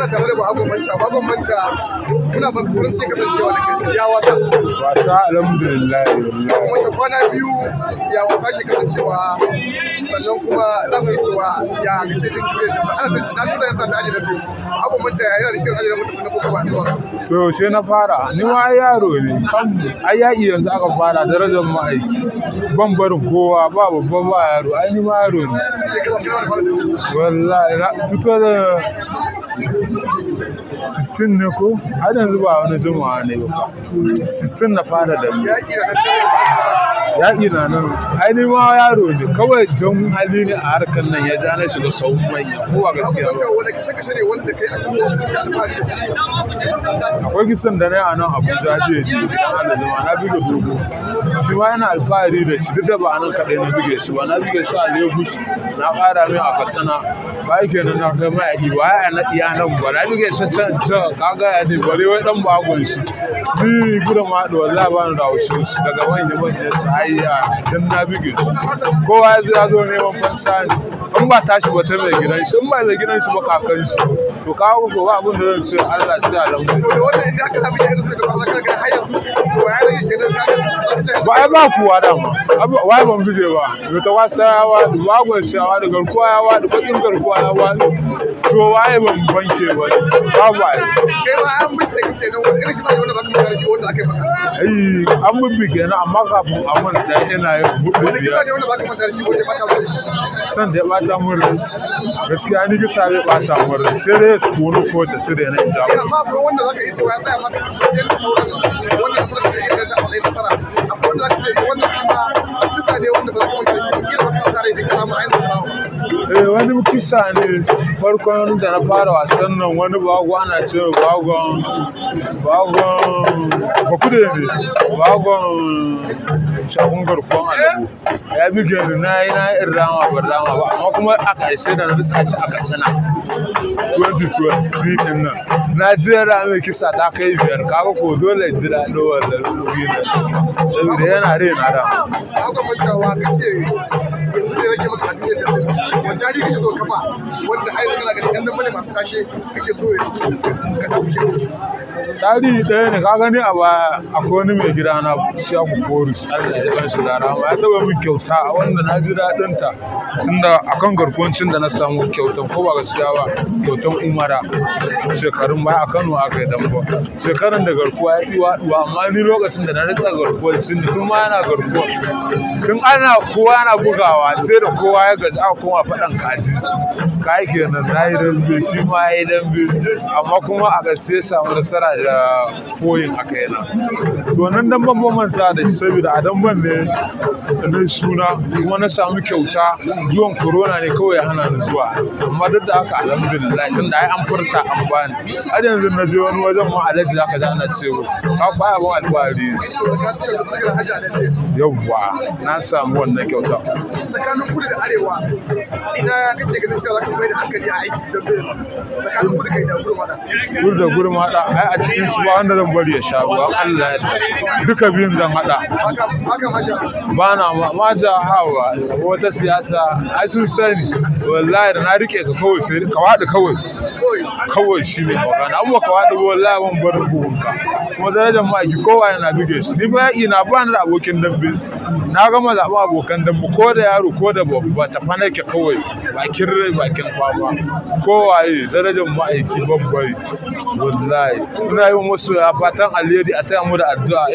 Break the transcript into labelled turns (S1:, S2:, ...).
S1: muna tare da bahagon manta bahagon manta kasancewa da kai ya
S2: wasa wasa alhamdulillah kwana biyu
S1: ya wasa ke kasancewa sannan kuma za mu yi cewa ya kace cikin juriya da ba ana ta na nuna yasa ta ajiyar da dogo abu mun ta yana da shirin aji da mutum na kuma ba ne ba
S2: to sai na fara ni ma yaro ne ai ya yanzu aka fara darajar ma'aiki ban barin kowa ba babba ba yaro ai ni ma yaro ne
S1: wallahi na tuto da
S2: 16 ne ko har yanzu ba wani juma'a ne ba 16 na fara da mu yaƙi na nan ainihin ma yaro ne kawai jan hali ne a harkar nan ya ja na shiga sau manya kowa gaskiya akwai kisan da na yi a nan abuja biyu biyu dan zama na buga dogo shi ma yana alfahari da shi duk da ba a nan kaɗai na buge shi ba na buga shi a lagos na fara min a katsina ba yake nan na kai mai aiki ba ya na iya nan ba na buge shi can can kaga ya ne bare wai dan ba shi ni ma da labarin ba da su daga manya hayya don na bige su kowa ya zo ya zo neman fansa ne in ba tashi ba ta mai gidan shi in ba mai gidan shi ba kakan shi to kawo ko ba abin da zan ce Allah sai a lamu wannan inda aka tabi yayin sai da ba ka ga hayya su to ya rage gidan ka ba ai ba kuwa da ma wai ban bige ba ta wasa ya yawa da bagon ya da garkuwa ya da bakin garkuwa ya yawa to waye ban banke ba ne, ba ai
S1: kai ma an bi sai kenan wani irin kisa ne wanda ba ka shi wanda aka
S2: yi maka Ayi, an bi kenan amma kafin amma manta san da ya bata mun a gaskiya ni kisa bai bata mun sai dai su kono ko ta cire na in jamus amma
S1: akwai wanda zaka iya cewa ya tsaya maka yadda sauran wannan nasarar da inganta a matsayin nasara akwai wanda zaka ce eh, wannan shi kisa ne wanda ba za ka manta shi
S2: ba ya kana mu Eh, wani kisa ne farkon da na fara wasan nan wani bago ana ce bagon bagon bakude ne bagon shagun garkon alabu ya bi gani na yi na yi rama ba rama ba amma kuma aka ishe da na bisa shi aka sana 2023 din nan na yara mai kisa ta kai biyar kaga ko dole ji daɗin da rubi da saboda yana rai na rama.
S1: Haka mancawa kace yanzu ne rage maka da wani tarihi kake so kafa wanda har kana ganin yan nan masu tashe kake so ka dauke shi
S2: tarihi ɗaya ne ka gani a baya akwai wani mai gida na siya ku boris allah ya ɗan shi rana ya taɓa min kyauta a wanda na ji daɗin ta tunda akan garkuwancin da na samu kyautan ko ba gaskiya ba kyautan umara shekarun baya a kano aka yi dambo shekarun da garkuwa ya ɗiwa ɗiwa amma ni lokacin da na rika sun da tun ma yana garkuwa tun ana kowa yana bugawa sai da kowa ya gaji aka koma faɗan kaji ka yi kenan na yi dambe shi ma ya yi dambe amma kuma a gaske samu nasara foyin a kaina to nan dan ban manta da shi saboda a dan ban ne ne suna kuma na samu kyauta zuwan corona ne kawai ya hana ni zuwa amma duk da haka alhamdulillah tunda ai an furta an bani har yanzu na je wani wajen ma alaji zaka ji ana cewa ka baya ban alfahari yawwa na samu wannan kyauta
S1: tsakanin kudu da arewa ina kace ganin cewa zaka mai da hankali a aiki da tsakanin kudu kai da gurmada
S2: kudu da gurmada ai a ce cikin su ba wanda zan bari ya sha ba Allah
S1: duka biyun zan hada
S2: ba na maja hawa wata siyasa ai sun sani wallahi da na rike ka kawai sai ka wada kawai kawai shi ne na abuwa ka wada wallahi ban bar hukunka kuma darajar ki kowa yana duke shi. ni ba ina ba ni da abokin dambe na gama zaɓa abokan dambe ko da yaro ko da babba ta fanake kawai bakin rai bakin kwakwa kowa darajar ma'aiki babbai wallahi muna yi musu fatan alheri a taya mu da
S1: addu'a